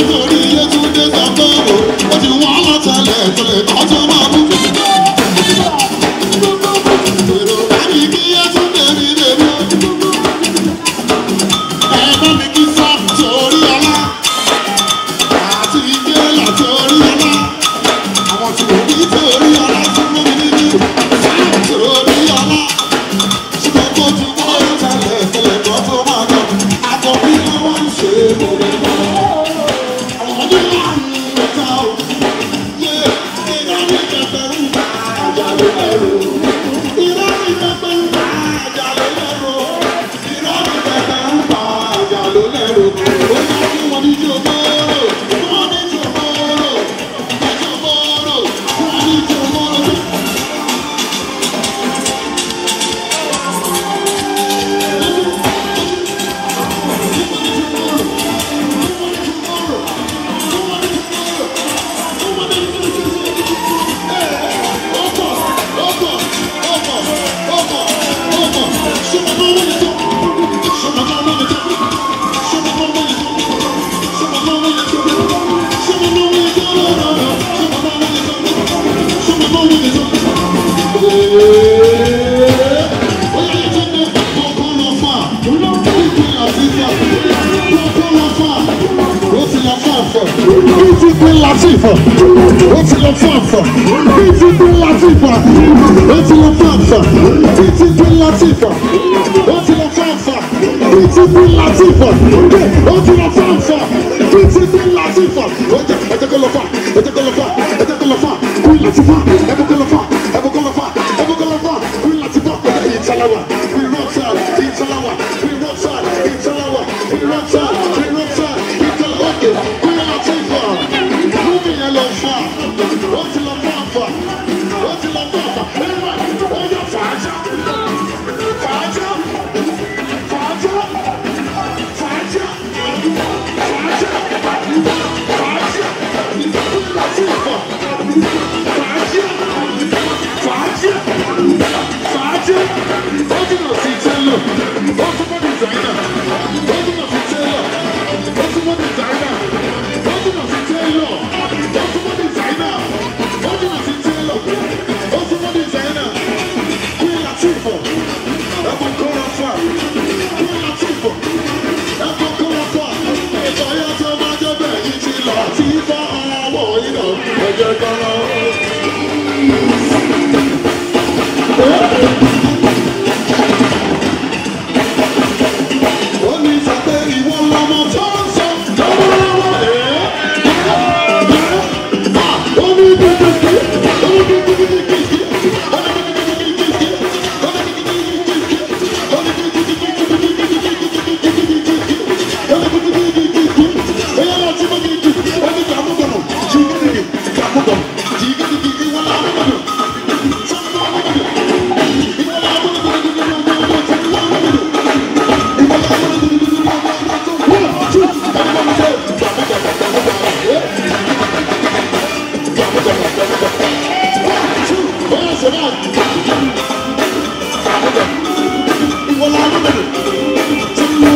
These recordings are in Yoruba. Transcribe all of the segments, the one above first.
nítorí Yétúndé gbàgbọ́ wò ó ti wọ́n mọ́tàlẹ́ tó lè kọ́. Bibi Latifa, it's your fafa. Bibi Latifa, it's your fafa. Bibi Latifa, it's your fafa. Bibi Latifa, it's your fafa. Bibi Latifa, it's your fafa. It's your fafa. It's your fafa. It's your fafa. Thank you.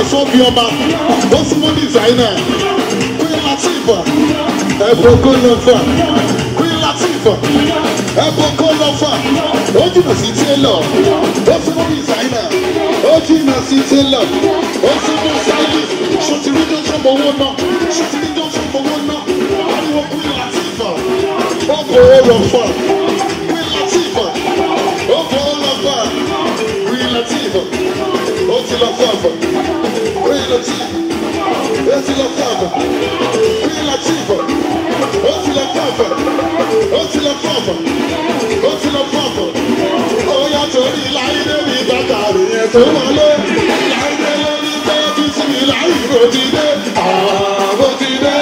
ọ̀ṣọ́ bí ọba ó súnmọ́ designer Queen Latifah ẹ̀bùn kó lọ fà Queen Latifah ẹ̀bùn kó lọ fà ó jìnnà sí tailor ó súnmọ́ designer ó jìnnà sí tailor ó súnmọ́ stylist ṣòtìrí tó sọ̀bọ̀ owó náà ṣòtìrí tó sọ̀bọ̀ owó náà wọ́n Queen Latifah ọkọ̀ ó fà. lọ pọ̀pọ̀ ó ti lọ pọ̀pọ̀ ó yá torí láyé débi bàtà rèé tó wọlé láyé dé lórí tó ti sinmi láyé bó ti dé àbó ti dé.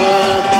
Èrè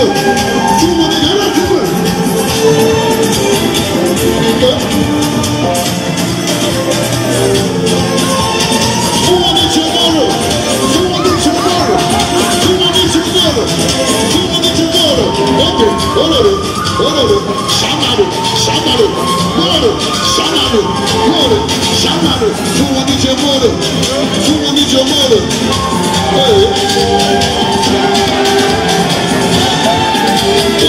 Shout out to one your mother, to one your mother. Hey.